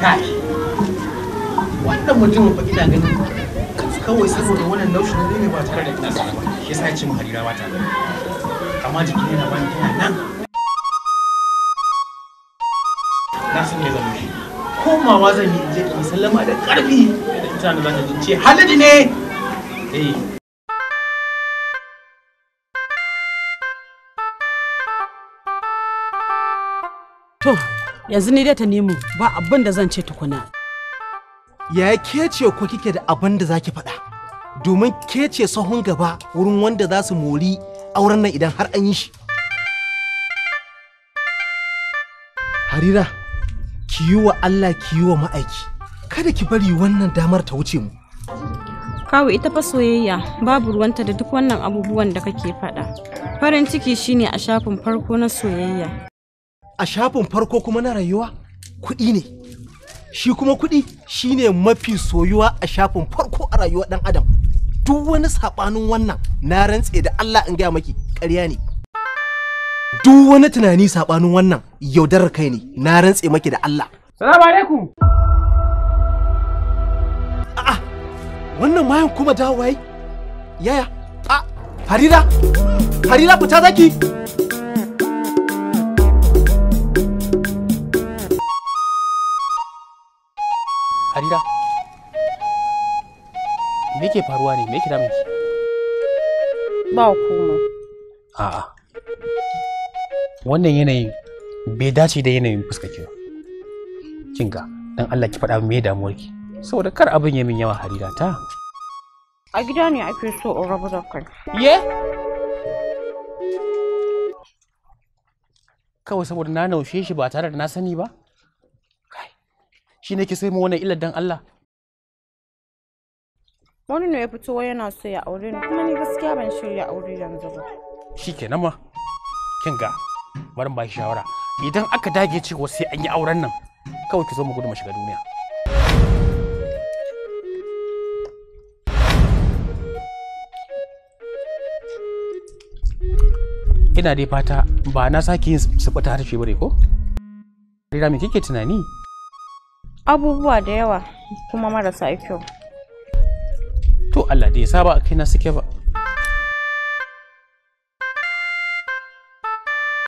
kai wannan mutumin ba ina ganin kawai saboda wannan laushi na ne ba tare da ina ba. shi yasa ya ce mu harira ba ta amma jiki ne na bani tana nan na san me zan yi. komawa zan yi je ki sallama da karfi da ita na zata ce halidi ne eh to yanzu ni dai ta nemo ba abin da zan ce tukuna ya ke ce ko kike da abin da zaki faɗa domin ke ce sahun gaba wurin wanda za su mori auren nan idan har an yi shi harira ki yi wa allah ki yi wa ma'aiki kada ki bari wannan damar ta wuce mu kawai ita fa soyayya babu ruwanta da duk wannan abubuwan da kake faɗa farin ciki shine a shafin farko na soyayya a shafin farko kuma na rayuwa kuɗi ne shi kuma kuɗi ne mafi soyuwa a shafin farko a rayuwa ɗan adam duk wani saɓanin wannan na rantse da Allah in gaya maki ƙarya ne duk wani tunani saɓanin wannan yaudarar kai ne na rantse maki da Allah salamu alaikum a'a wannan mayan kuma dawo yaya a farida farida fita zaki harira me ke faruwa ne me ke damun ki ba komai a'a wannan yanayin bai dace da yanayin fuskar ba kin ga dan Allah ki faɗa me damuwar ki saboda kar abin ya min yawa harira ta a gida ne ake so in rabu da kai ye kawai saboda na naushe shi ba tare da na sani ba shi ne ke sai mu wannan illar dan Allah wani ne ya fito yana so ya aure ni kuma ni gaskiya ban shirya aure yanzu ba nan ma kin ga bari ba shawara idan aka dage cewa sai an yi auren nan kawai ki zo mu gudu mu shiga duniya ina dai fata ba na sake yin su fita harshe bare ko? Rira me kike tunani? abubuwa da yawa kuma marasa kyau to Allah da ya saba a na suke ba